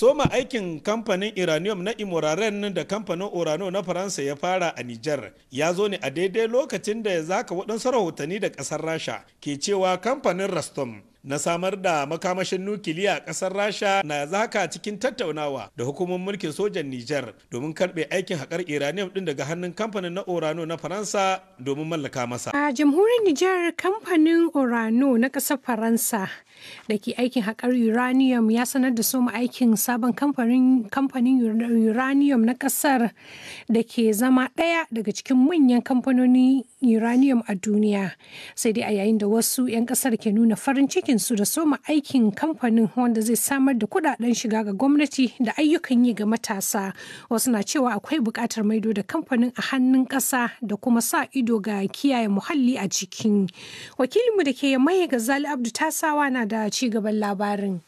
soma aikin kamfanin iranium na imuraren da kamfanin urano na faransa ya fara a nijar ya zo ne a daidai lokacin da ya zaka waɗansu rahotanni da ƙasar rasha ke cewa kamfanin rastom na samar da makamashin nukiliya a ƙasar rasha na zaka cikin tattaunawa da hukumomin mulkin sojan nijar domin karɓe aikin haƙar iranium ɗin daga hannun kamfanin na orano na faransa domin mallaka masa a jamhuriyar nijar kamfanin orano na ƙasar faransa da ke aikin haƙar uranium ya sanar da soma aikin sabon kamfanin uranium na ƙasar da ke zama ɗaya daga cikin manyan kamfanoni uranium a duniya sai dai a yayin da wasu 'yan ƙasar ke nuna farin cikinsu da soma aikin kamfanin wanda zai samar da kudaden shiga ga gwamnati da ayyukan yi ga matasa wasu na cewa akwai buƙatar maido da kamfanin a hannun ƙasa da kuma sa ido ga kiyaye muhalli a cikin wakilinmu da ke mai ga zali abdu tasawa na da ci gaban labarin.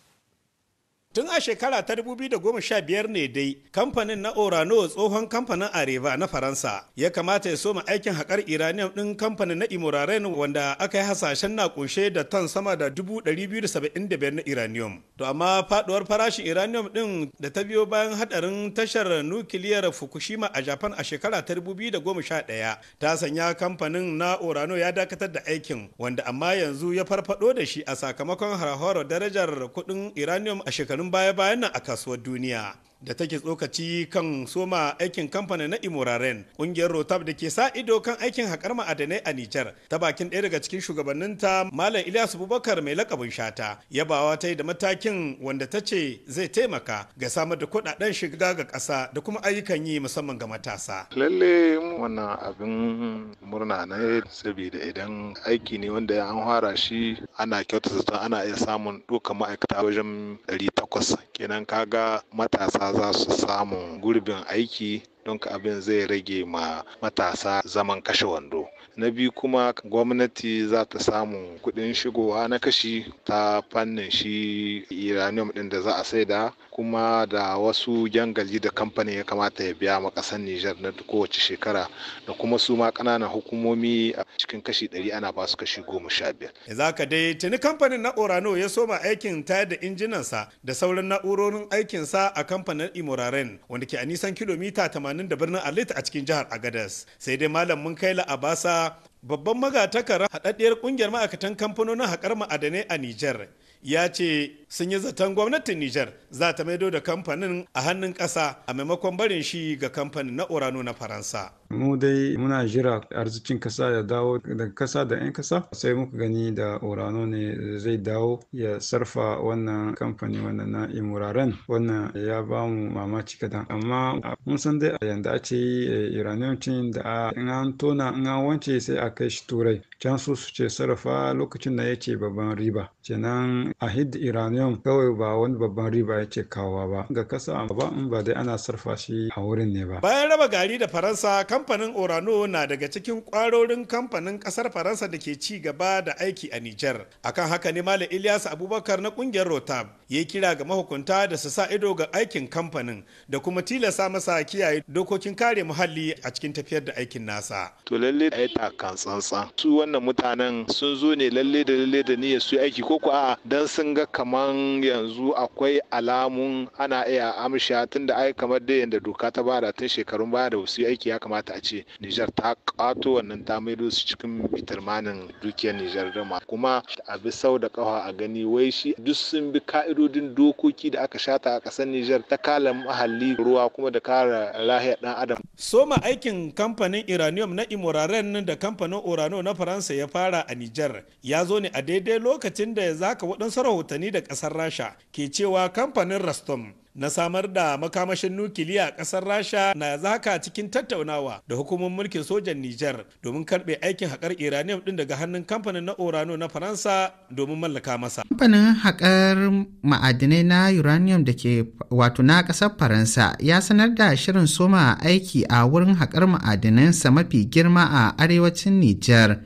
Tun a shekara ta 2015 ne dai kamfanin na Orano tsohon kamfanin Areva na Faransa ya kamata ya soma aikin haƙar Iranium ɗin kamfanin na Imuraren wanda aka yi hasashen na kunshe da ton sama da 275 na Iranium. To amma faduwar farashin Iranium ɗin da ta biyo bayan hadarin tashar nukiliyar Fukushima a Japan a shekara ta 2011 ta sanya kamfanin na Orano ya dakatar da aikin wanda amma yanzu ya farfado da shi a sakamakon haraharar darajar kuɗin Iranium a shekaru labarin baya-bayan nan a kasuwar duniya da take tsokaci kan soma aikin kamfanin na imuraren ƙungiyar rotab da ke sa ido kan aikin haƙar ma'adanai a nijar ta bakin ɗaya daga cikin shugabanninta malam ilyas bubakar mai lakabin shata yabawa ta yi da matakin wanda ta ce zai taimaka ga samar da kuɗaɗen shiga ga ƙasa da kuma ayyukan yi musamman ga matasa lalle wannan abin murna ne saboda idan aiki ne wanda an fara shi ana kyautata ana iya samun ɗaukar ma'aikata wajen takwas kenan kaga matasa za su samu gurbin aiki don abin zai rage ma matasa zaman kashe wando. na biyu kuma gwamnati za ta samu kuɗin shigowa na kashi ta fannin shi uranium ɗin da za a saida kuma da wasu jangali da kamfanin ya kamata ya biya ma Nijar na kowace shekara da kuma su ma ƙananan hukumomi a cikin kashi ɗari ana ba su kashi goma sha biyar. Za ka dai tuni kamfanin na Orano ya soma aikin tayar da injinansa da sauran na'urorin aikinsa a kamfanin Imoraren wanda ke a nisan kilomita 80 da birnin alit a cikin jihar Agadas. Sai dai Malam Munkaila Abasa babban magatakara haɗaɗɗiyar ƙungiyar ma'aikatan kamfanonin haƙar ma'adanai a Nijar ya ce sun yi zaton gwamnatin Nijar za ta maido da kamfanin a hannun ƙasa a maimakon barin shi ga kamfanin na Urano na Faransa. Mu dai muna jira arzikin kasa ya dawo daga kasa da 'yan kasa sai muka gani da Urano ne zai dawo ya sarfa wannan kamfani wannan na Imuraren wannan ya ba mu mamaci kadan amma mun san dai a yanda ake yi eh, Uranium da in an tona in an wance sai a kai shi turai can su su ce sarrafa lokacin da ya ce babban riba kenan a hidda iranium kawai ba wani babban riba ya ce kawowa ba ga kasa ba in ba dai ana sarrafa shi a wurin ne ba bayan raba gari da faransa kamfanin orano na daga cikin kwarorin kamfanin kasar faransa da ke ci gaba da aiki a niger akan haka ne malam ilyas abubakar na kungiyar rotab ya kira ga mahukunta da su sa ido ga aikin kamfanin da kuma tilasa masa kiyaye dokokin kare muhalli a cikin tafiyar da aikin nasa to lalle ai takan tsantsa su wannan mutanen sun zo ne lalle da lalle da niyyar su aiki ko kuwa dan sun ga kaman yanzu akwai alamun ana iya amsha da ai kamar da yanda doka ta bada tun shekarun baya da wasu aiki ya kamata a ce Nijar ta kato wannan ta maido su cikin bitirmanin dukiyar Nijar dama kuma a bi sau da kafa a gani wai shi duk sun bi ka'idodin dokoki da aka shata a ƙasar Nijar ta kala mahalli ruwa kuma da kara lahiyar dan adam. Soma aikin kamfanin Iranium na Imuraren da kamfanin Urano na Faransa kansa ya fara a Nijar ya zo ne a daidai lokacin da ya zaka waɗansu rahotanni da ƙasar Rasha ke cewa kamfanin Rastom na samar da makamashin nukiliya a ƙasar Rasha na zaka cikin tattaunawa da hukumomin mulkin sojan Nijar domin karɓe aikin haƙar Iranium ɗin daga hannun kamfanin na Orano na Faransa domin mallaka masa. Kamfanin haƙar ma'adinai na uranium da ke wato na ƙasar Faransa ya sanar da shirin soma aiki a wurin haƙar ma'adinansa mafi girma a arewacin Nijar.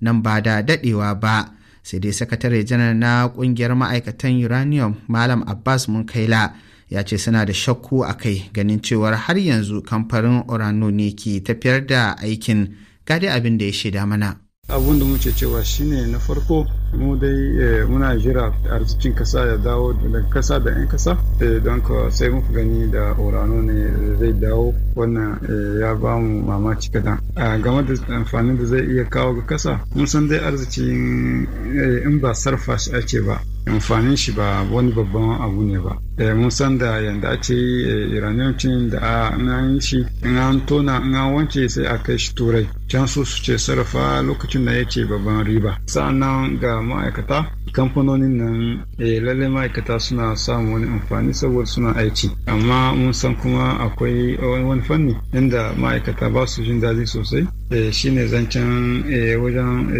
nan ba da daɗewa ba sai dai sakatare janar na ƙungiyar ma'aikatan uranium malam abbas munkaila ya ce suna da shakku a kai ganin cewar har yanzu kamfanin orano ne ke tafiyar da aikin gadi abin da ya shaida mana abun da muke cewa shine na farko mu dai eh, muna jira arzikin kasa ya dawo daga kasa da 'yan kasa eh, don ka sai muka gani da orano ne zai dawo wannan eh, ya ba mu mamaci kadan game da amfanin da zai iya kawo ga kasa mun san dai arzikin in ba sarfa shi ake ba amfanin shi ba wani babban abu ne ba eh, mun san da yadda ake eh, iranian cin da an yi shi in an tona in an wanke sai a kai shi turai can su su ce sarrafa lokacin da yake babban riba nan ga ma'aikata kamfanonin nan eh, lalle ma'aikata suna samun wani amfani saboda suna aiki amma mun san kuma akwai wani fanni inda ma'aikata ba su jin daɗi sosai Eh, shine zancen eh, wajen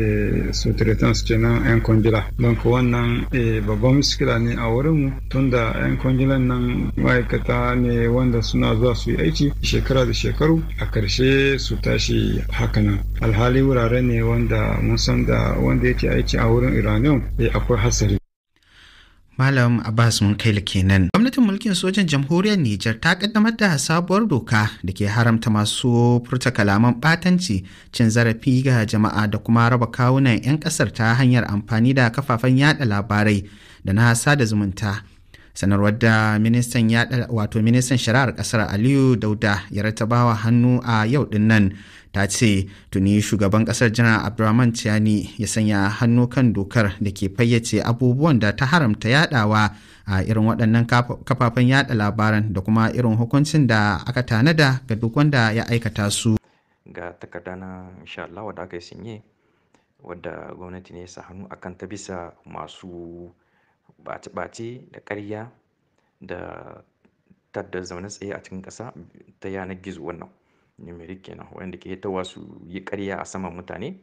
eh, sutretans kenan 'yan kwangila don ku wannan babban miskila ne a wurinmu tunda 'yan kwangilan nan ma'aikata ne wanda suna zuwa su yi aiki shekara da shekaru a karshe su tashi hakanan alhali wurare ne wanda mun san da wanda yake aiki a wurin iranium akwai hasari Malam Abbas mun kai kenan. Gwamnatin mulkin sojan jamhuriyar Nijar ta kaddamar da sabuwar doka da ke haramta masu furta kalaman batanci cin zarafi ga jama'a da kuma raba kawunan 'yan kasar ta hanyar amfani da kafafen yada labarai da na sada zumunta. sanarwar da ministan wato ministan shari'ar kasar aliyu dauda ya ratabawa hannu a yau din nan ta ce tuni shugaban kasar janar abdurrahman tiani ya sanya hannu kan dokar da ke fayyace abubuwan da ta haramta yadawa a irin waɗannan kafafen yada labaran da kuma irin hukuncin da aka tanada ga duk wanda ya aikata su ga takarda na insha Allah wadda aka yi sinye wadda gwamnati ne sa hannu akan ta bisa masu bace-bace da karya da tadda zaune tsaye a cikin ƙasa ta yanar gizo wannan numeric kenan wanda ke ta su yi ƙarya a saman mutane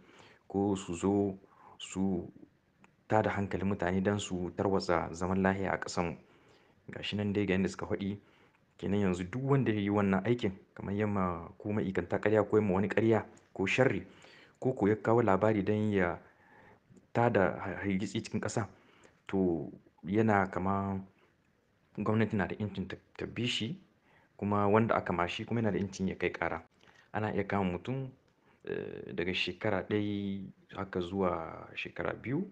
ko su zo su ta da hankalin mutane don su tarwatsa zaman lahiya a ƙasanmu gashi nan dai ga yadda suka faɗi kenan yanzu duk wanda ya yi wannan aikin kamar yamma ko ma'ikanta ƙarya ko yamma wani ƙarya ko sharri ko ko ya kawo labari don ya ta da hargitsi cikin ƙasa to yana kama gwamnati na da incin ta bi shi kuma wanda aka ma shi kuma yana da incin ya kai ƙara. Ana iya kama mutum eh, daga shekara ɗaya haka zuwa shekara biyu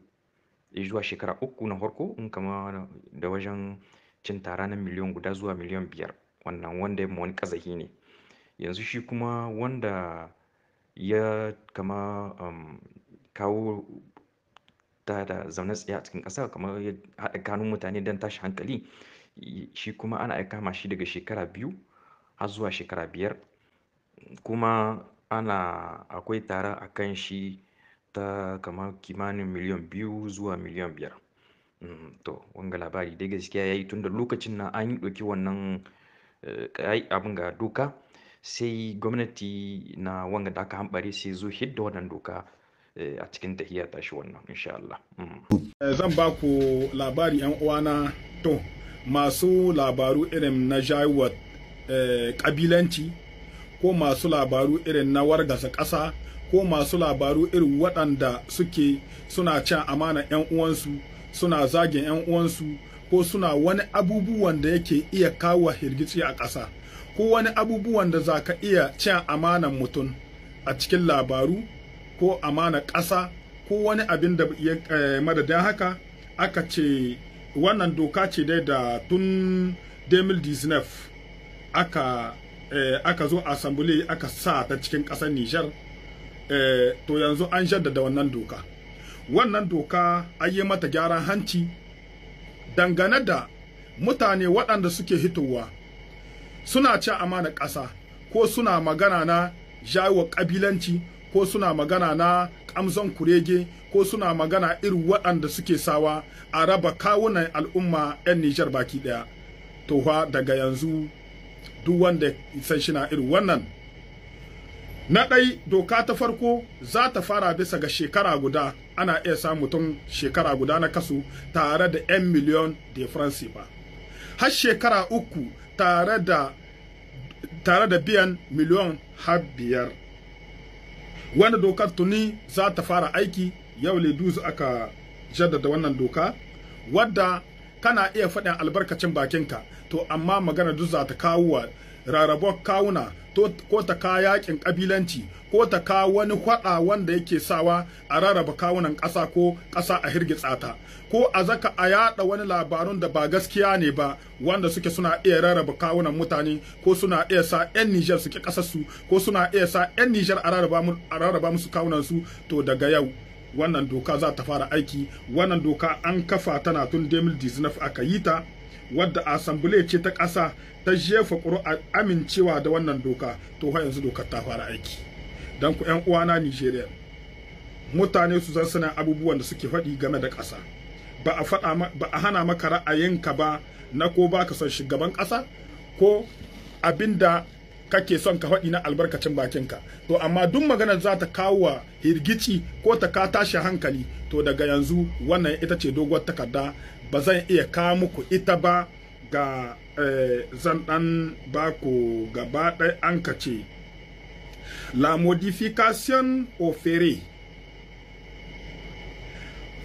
eh, zuwa shekara uku na farko in kama da wajen cin tara na miliyan guda zuwa miliyan biyar wannan wanda ya wani ƙazahi ne. Yanzu shi kuma wanda ya kama um, kawo tada zaune tsaye a cikin ƙasa kamar ya haɗa kanun mutane don tashi hankali shi kuma ana aika kama shi daga shekara biyu har zuwa shekara biyar kuma ana akwai tara a kan shi ta kamar kimanin miliyan biyu zuwa miliyan biyar mm, to wanga labari dai gaskiya ya yi tun da lokacin na an yi ɗauki wannan eh, abin ga doka sai gwamnati na wanga da aka hambare sai zo hidda wannan doka eh, a cikin tahiya tashi wannan insha Allah. Mm. Eh, zan ba ku labari 'yan uwana to masu labaru irin na jaiwa eh, kabilanci ko masu labaru irin na wargasa ƙasa ko masu labaru irin waɗanda suke suna cin amana 'yan uwansu suna zagin 'yan uwansu ko suna wani abubuwan da yake iya kawo hirgici a ƙasa ko wani abubuwan da za ka iya cin amanan mutum a cikin labaru ko amana ƙasa ko wani abin da eh, madadin haka aka ce wannan doka ce dai da tun 2019 aka eh, aka zo assembly aka sa ta cikin ƙasar Nijar eh, to yanzu an jaddada wannan doka wannan doka an yi mata gyaran hanci dangane da mutane waɗanda suke hitowa suna ci amana ƙasa ko suna magana na jawo ƙabilanci ko suna magana na kamzon kurege ko suna magana irin waɗanda suke sawa a raba kawunan al'umma 'yan nijar baki ɗaya to daga yanzu duk wanda san shi na irin wannan na ɗai doka ta farko za ta fara bisa ga shekara guda ana iya sa mutum shekara guda na kasu tare da 'yan miliyon de france ba har shekara uku tare da biyan miliyon har biyar wani dokar tuni za ta fara aiki yau duzu aka jaddada wannan doka wadda kana iya faɗin albarkacin bakinka to amma magana duk za ta kawo rarrabon kawuna ko ta ka yakin kabilanci ko ta ka wani kwada wanda yake sawa a rarraba kawunan ƙasa ko ƙasa a hirgitsa ta ko a zaka a yada wani labarun da ba gaskiya ne ba wanda suke suna iya rarraba kawunan mutane ko suna iya sa 'yan Nijar suke ƙasarsu ko suna iya sa 'yan Nijar a rarraba musu kawunan su to daga yau wannan doka za ta fara aiki wannan doka an kafa tana tun dizinaf aka yi ta wadda asambule ce ta ƙasa ta jefa ƙuri'a amincewa da wannan doka to ha yanzu dokar ta fara aiki don ku yan na Nigeria mutane su zan sanin abubuwan da suke faɗi game da ƙasa ba a hana maka ra'ayinka ba na ko ba ka son shugaban ƙasa ko abinda kake son ka faɗi na albarkacin bakinka to amma duk magana za ta kawo wa hirgici ko ta ka tashi hankali to daga yanzu wannan ita ce doguwar takarda ba zan iya kawo muku ita ba ga eh, zan ɗan ku gaba ɗaya an ka ce la modification offerée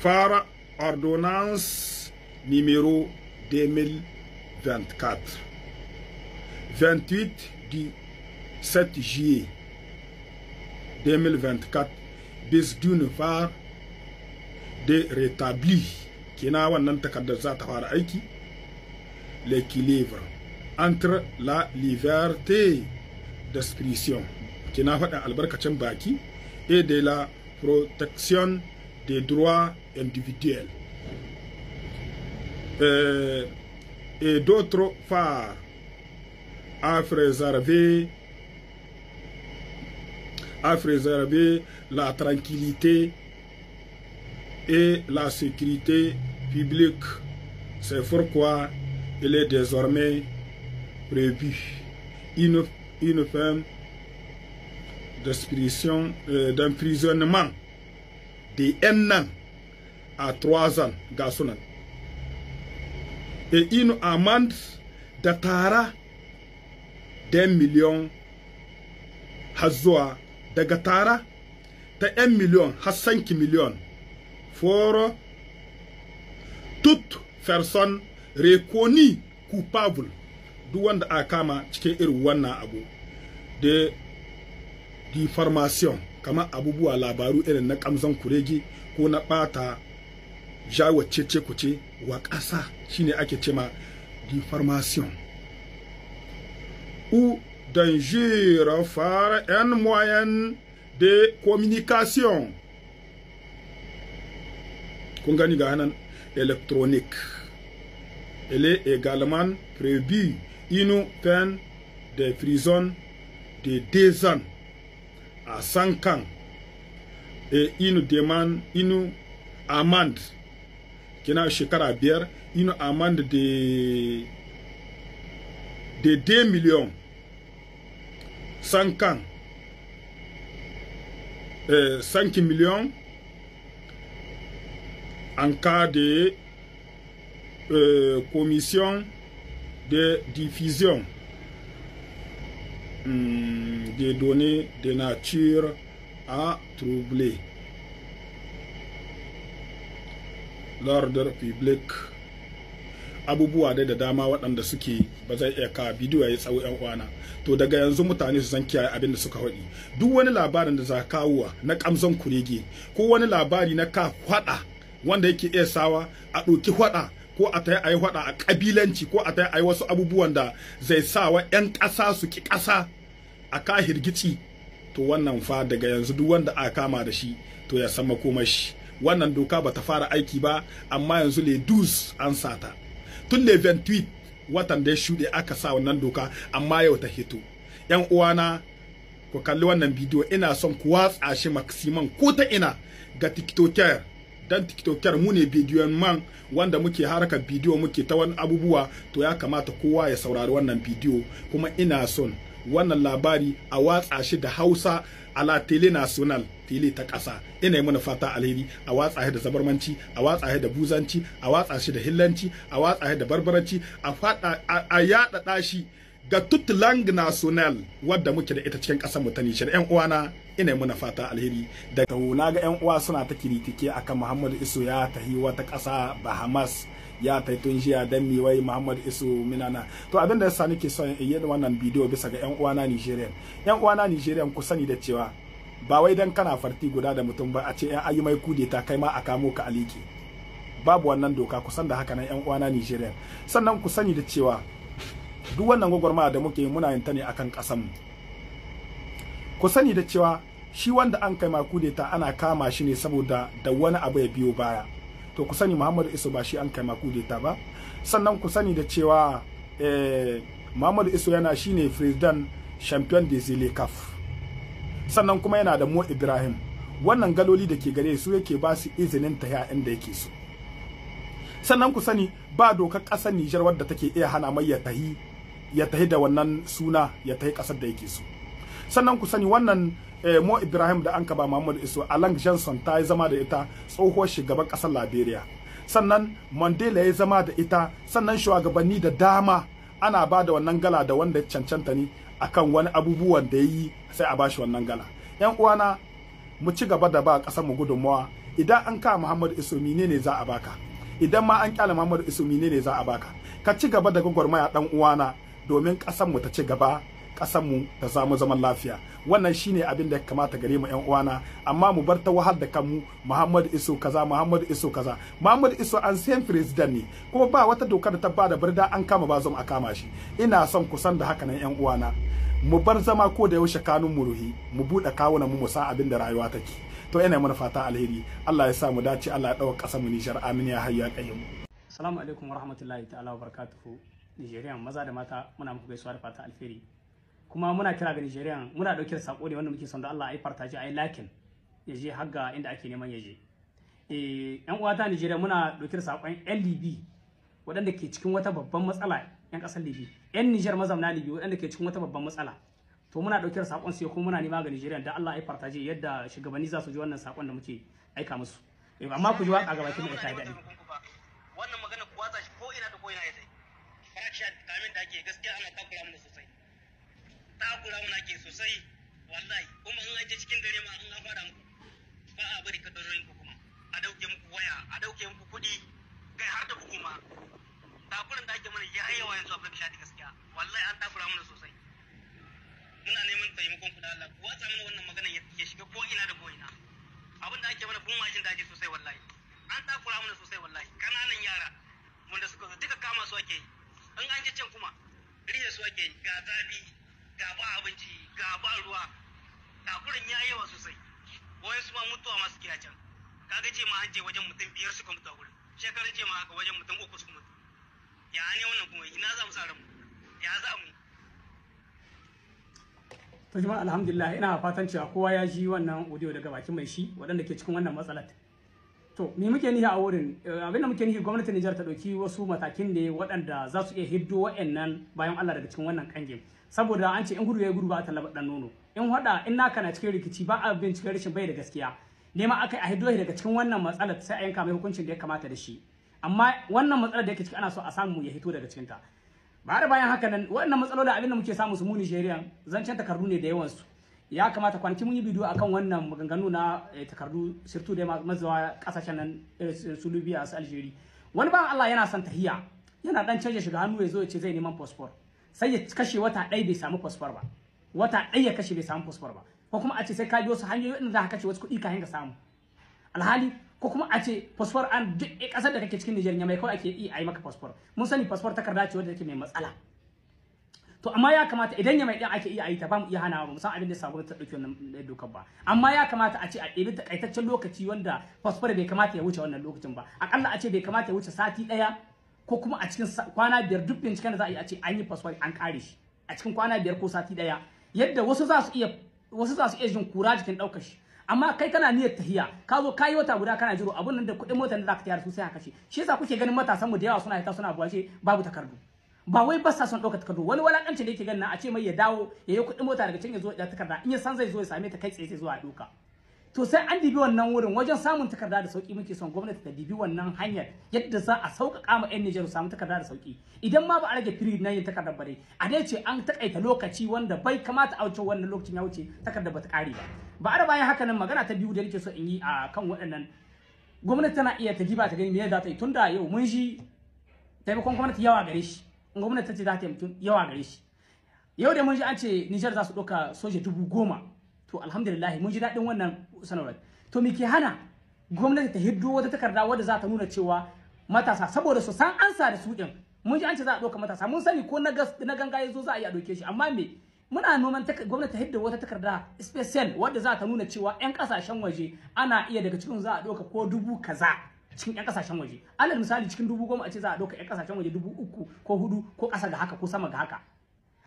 fara ordonnance numero 2024 28 du 7 juillet 2024 bis part de rétablir qui l'équilibre entre la liberté d'expression et de la protection des droits individuels euh, et d'autres phares à préserver, à préserver la tranquillité et la sécurité publique. C'est pourquoi il est désormais prévu une, une peine euh, d'emprisonnement de un an à trois ans, garçon, et une amende de 10 miliyon har zuwa daga tara ta 'yan miliyon har sanki miliyon foro tut person rekoni coupable duk wanda aka kama cikin irin wannan abu da deformation kamar abubuwa labaru irin na kamzan kuregi ko na bata ce kuce wa ƙasa shine ake cema deformation ou d'injure par un moyen de communication. électronique. Elle est également prévu une peine de prison de 2 ans à 5 ans et une demande, une amende qui n'a chez Carabière, une amende de, de 2 millions 5 ans, euh, millions en cas de euh, commission de diffusion hmm, des données de nature à troubler l'ordre public. abubuwa dai da dama waɗanda suke ba zai iya ka bidiyo ya yi tsawo yan uwana to daga yanzu mutane su san kiyaye abin da suka faɗi duk wani labarin da za kawowa na kamzon kurege ko wani labari na ka haɗa wanda yake iya sawa a ɗauki haɗa ko a ta yi faɗa a kabilanci ko a ta yi wasu abubuwan da zai sawa 'yan ƙasa su ki ƙasa a ka hirgici to wannan fa daga yanzu duk wanda aka kama da shi to ya san komai shi wannan doka ba ta fara aiki ba amma yanzu le dus an sata tun da 28 watan da ya shuɗe aka sa wannan doka amma yau ta hito yan uwana ku kalli wannan bidiyo ina son ku watsa shi maximan ko ta ina ga tiktoker dan tiktoker mu ne bidiyon man wanda muke haraka bidiyo muke ta wani abubuwa to ya kamata kowa ya saurari wannan bidiyo kuma ina son wannan labari a watsa shi da hausa ala tele national tele ta ƙasa ina yi mana fata alheri a watsa da zabarmanci a watsa da buzanci a watsa shi da hillanci a watsa da barbaranci a fada a shi ga tutulang national wadda muke da ita cikin ƙasar mu ta Nijar uwana ina mana fata alheri daga na ga yan uwa suna ta kiritike akan Muhammadu iso ya tahi wata ƙasa Bahamas ya ta tun jiya dan mi wai Muhammad Isu minana to abin da sani ke son in yi wannan bidiyo bisa ga yan uwana Nigerian yan na Nigeria ku sani da cewa ba wai dan kana farti guda da mutum ba a ce yan ayi mai kudeta kai ma aka mu ka aliki babu wannan doka ku san da haka nan yan na nijeriya sannan ku sani da cewa duk wannan gwagwarmaya da muke muna yin ta ne akan kasanmu ku sani da cewa shi wanda an kai ma kudeta ana kama shi ne saboda da wani abu ya biyo baya to ku sani muhammadu iso ba shi an kai kudeta ba sannan ku sani da cewa eh, muhammadu iso yana shine president champion de zile caf sannan kuma yana da mo ibrahim wannan galoli da ke gare su yake ba su izinin ta yayan inda yake so sannan ku sani ba dokar ƙasar nijar wadda take iya hana mai ya tahi ya tahi da wannan suna ya tahi ƙasar da yake so sannan ku sani wannan eh, mo ibrahim da an kaba muhammadu isu alang johnson ta yi zama da ita tsohuwar shugaban kasar liberia sannan mandela ya zama da ita sannan shugabanni da dama ana ba da wannan gala da wanda ya cancanta ni akan wani abubuwan da ya yi sai a bashi wannan gala yan uwana mu ci gaba da ba kasar mu gudunmawa idan an ka muhammad isu ne za a baka idan ma an kyale muhammad isu ne za a baka ka ci gaba da gwagwarmaya dan uwana domin kasar mu ta ci gaba mu ta samu zaman lafiya wannan shine abin da ya kamata gare mu yan uwana amma mu bar ta wahal da kanmu Muhammad Iso kaza Muhammad Iso kaza Muhammad Iso an same president ne kuma ba wata doka da ta ba da birda an kama ba zama a kama shi ina son kusan da haka nan yan uwana mu bar zama ko da yaushe kanun mu ruhi mu buɗe kawuna mu musa abin da rayuwa take to ina mana fata alheri Allah ya sa mu dace Allah ya dauka kasar mu Nijar amin ya hayya kayyum Assalamu alaikum warahmatullahi ta'ala wabarakatuh Nijeriya maza da mata muna muku gaisuwa da fata alheri kuma muna kira ga Nigeria muna dauke da sako ne wanda muke son da Allah ya farta shi a yi lakin ya je har ga inda ake neman ya je eh yan uwa ta Nigeria muna dauke da sakon LDB waɗanda ke cikin wata babban matsala yan ƙasar Libi yan Niger mazauna Libi waɗanda ke cikin wata babban matsala to muna dauke da sakon su kuma muna nema ga Nigeria da Allah ya farta shi yadda shugabanni za su ji wannan sakon da muke aika musu eh, amma ku ji waka ga bakin mai ta daɗi wannan magana kuwa ta ko ina da ko ina ya sai kamin da ake gaskiya ana takura mana sosai takura mana ke sosai wallahi kuma in aje cikin dare ma in an faɗa muku ba a bari kadarorin ku kuma a dauke muku waya a dauke muku kuɗi kai har da hukuma takuran da ake mana ya yawa yanzu abin shadi gaskiya wallahi an takura mana sosai muna neman taimakon ku da Allah ku watsa mana wannan maganar ya shiga ko ina da ko ina abin da ake mana kun majin daji sosai wallahi an takura mana sosai wallahi kananan yara wanda suka duka kama su ake yi in an ji can kuma riya su ake yi ga zabi ga ba abinci ga ba ruwa takurin ya yawa sosai wai su ma mutuwa masu kiya can kaga ce ma an ce wajen mutum biyar suka mutu a gurin shekarun ce ma haka wajen mutum uku suka mutu ya ne wannan kuma ina za mu sa ya za mu to jama'a alhamdulillah ina fatan cewa kowa ya ji wannan audio daga bakin mai shi waɗanda ke cikin wannan matsalar to me muke nihi a wurin eh, abinda muke nihi gwamnatin Nijar ta ɗauki wasu matakin ne waɗanda za su iya hiddo wa'annan bayan Allah daga cikin wannan kange saboda an ce in gudu ya gudu ba ta labar dan nono in hada in naka na cikin rikici ba a bincike rashin bai da gaskiya nema aka a hiddo daga cikin wannan matsala sai a yanka mai hukuncin da ya kamata da shi amma wannan matsalar da yake ciki ana so a samu ya hito daga cikin ta ba da bayan haka nan wannan matsalolin abin da muke samu su mu Nigeria zancen takardu ne da yawan su ya kamata kwanaki mun yi bidiyo akan wannan maganganu na eh, takardu sirtu da mazawa kasashen nan eh, su Libya su Algeria wani ba Allah yana son tahiya yana dan canja shiga hannu ya zo ya ce zai neman passport sai ya kashe wata ɗaya bai samu fosfor ba wata ɗaya ya kashe bai samu fosfor ba ko kuma a ce sai ka bi su hanyoyi inda za ka kashe wasu kuɗi ka ka samu alhali ko kuma a ce fosfor an duk ƙasar da kake cikin Nijar ne mai kawai ake yi a yi maka fosfor mun sani fosfor takarda ce wadda take mai matsala to amma ya kamata idan ya mai ɗin ake iya yi ta ba mu iya hana ba musamman abin da sa gwamnati ta ɗauki wannan eh, dokar ba amma ya kamata a ce a ɗebi takaitaccen lokaci wanda fosfor bai kamata ya wuce wannan lokacin ba aƙalla a ce bai kamata ya wuce sati ɗaya ko kuma a cikin kwana biyar duk binciken da za a yi a ce an yi fasfari an kare shi a cikin kwana biyar ko sati daya yadda wasu za su iya wasu za su iya jin kura jikin daukar shi amma kai kana niyyar tahiya ka zo kayi wata guda kana jiro abun nan da kuɗin motar da ka tayar su sai haka shi shi yasa kuke ganin matasan mu da yawa suna hita suna buwashe babu takardu ba wai ba sa son ɗaukar takardu wani walakanci da yake ganin a ce mai ya dawo ya yi kuɗin mota daga can ya zo ya takarda in ya san zai zo ya same ta kai tsaye sai zuwa ɗauka to sai an dibi wannan wurin wajen samun takarda da sauki muke son gwamnati ta dibi wannan hanyar yadda za a sauƙaƙa ma 'yan Nijar samu takarda da sauki idan ma ba a rage period na yin takardar bare a dai ce an takaita lokaci wanda bai kamata a wuce wannan lokacin ya wuce takarda bata ƙare ba ba a bayan haka nan magana ta biyu da nake so in yi a kan waɗannan gwamnati tana iya ta giba ta gani me za ta yi tunda yau mun shi taimakon gwamnati yawa gare shi gwamnati ta ce za ta yi yawa gare shi yau da mun ji an ce Nijar za su ɗauka soja dubu goma to alhamdulillah mun ji daɗin wannan sanarwar to me ke hana gwamnati ta hiddo wata takarda wadda za ta nuna cewa matasa saboda su san ansa da su din mun ji an ce za a ɗauka matasa mun sani ko na ganga yazo za a yi a ɗauke shi amma me muna noman gwamnati ta hiddo wata takarda special wadda za ta nuna cewa 'yan kasashen waje ana iya daga cikin za a ɗauka ko dubu kaza cikin 'yan kasashen waje alal misali cikin dubu goma a ce za a ɗauka 'yan kasashen waje dubu uku ko hudu ko ƙasa ga haka ko sama ga haka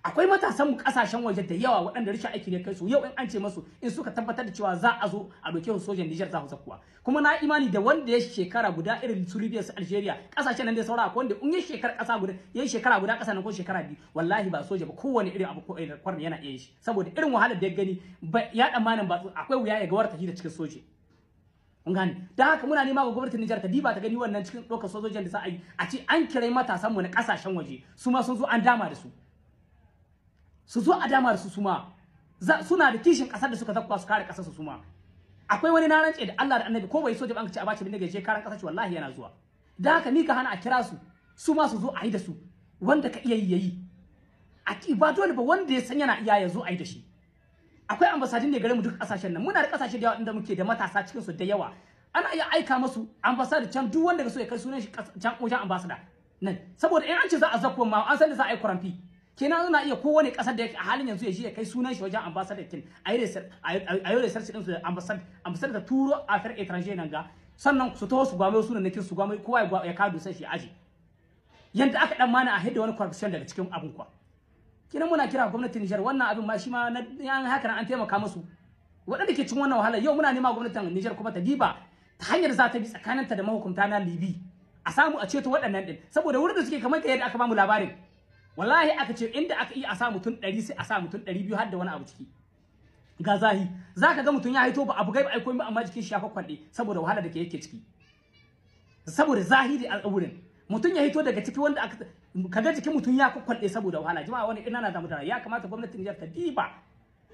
akwai matasan mu kasashen waje da yawa waɗanda rishin aiki ne kai su yau in an ce masu in suka tabbatar da cewa za a zo a doke sojan Niger za su kuwa kuma na imani da wanda ya shekara guda irin su Libya su Algeria kasashen nan da saura akwai wanda in ya shekara kasa guda ya shekara guda kasa nan ko shekara biyu wallahi ba soja ba kowane irin abu ko eh, kwarni yana iya shi saboda irin wahalar da ya gani ya tsammanin ba akwai wuya ya ga warta da cikin soje kun gane da haka muna nema ga gwamnatin Niger ta diba ta gani wannan cikin ɗaukar sojojin da za a yi a ce an kirai matasan mu na kasashen waje su ma sun zo an dama da su su zo a dama da su suma suna da kishin kasar da suka zakwa su kare kasar su suma akwai wani na rance da Allah da Annabi ko bai so jaban ci a bace bindiga je karan kasar shi wallahi yana zuwa da haka ni ka hana a kira su su ma su zo a yi da su wanda ka iya yi yayi a ki ba dole ba wanda ya san yana iya ya zo a yi da shi akwai ambasadin da gare mu duk kasashen nan muna da kasashe da yawa inda muke da matasa cikin su da yawa ana iya aika musu ambasada can duk wanda ga so ya kai sunan shi can wajen ambasada nan saboda in an ce za a zakwa ma an san da za a yi kenan ina iya kowane kasar da yake a halin yanzu ya je kai sunan shi wajen ambassador kin a yi research din su ambassador ta turo a far etranger nan ga sannan su taho su gwamo sunan kin su gwamo kowa ya kado sai shi aji yanda aka dan mana a hidda wani corruption daga cikin abin kwa kenan muna kira gwamnatin Nijar wannan abin ma shi ma an haka an taimaka musu waɗanda ke cin wannan wahala yau muna nema gwamnatin Nijar kuma ta giba ta hanyar za ta bi tsakaninta da mahukunta na Libi a samu a ceto waɗannan din saboda wurin da suke kamar yadda aka ba mu labarin wallahi aka ce inda aka iya a sa mutum 100 sai a sa mutum 200 har da wani abu ciki ga zahi zaka ga mutum ya haito ba abu gai ba ai komai amma jikin shi ya kwakwalde saboda wahala da ke yake ciki saboda zahiri al'aburin mutum ya haito daga ciki wanda aka kaga jikin mutum ya kwakwalde saboda wahala jama'a wani ina na da mutane ya kamata gwamnatin Nijar ta diba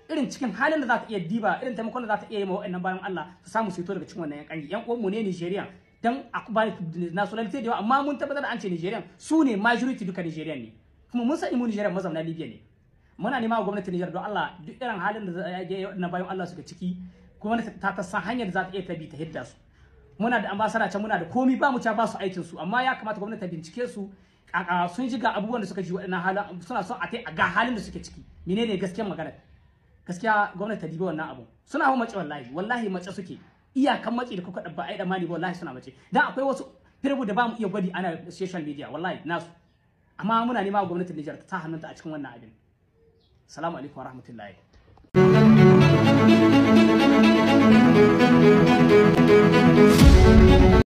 irin cikin halin da za ta iya diba irin taimakon da za ta iya yi ma wa'annan bayan Allah su samu su hito daga cikin wannan yankan yan uwan mu ne Nijeriya dan akwai nationality da yawa amma mun tabbatar da an ce Nigeria su ne majority duka Nigeria ne kuma mun san imuni Nijar mazauna Libya ne muna nema wa gwamnatin Nijar don Allah duk irin halin da na bayan Allah suka ciki kuma ta ta san hanyar da za ta iya ta bi ta hidda su muna da ambasada can muna da komi ba mu ca ba su aikin su amma ya kamata gwamnati ta bincike su sun ji ga abubuwan da suka ji waɗannan halin suna son a kai a ga halin da suke ciki menene gaskiyar magana gaskiya gwamnati ta dibi wannan abu suna hawa mace wallahi wallahi mace suke iyakan mace da kuka dabba ai da mali wallahi suna mace dan akwai wasu firbu da ba mu iya gwadi ana social media wallahi nasu أما أمون أني ما هو قمنا تنجر تتاهم أنت أجكم ونعجن السلام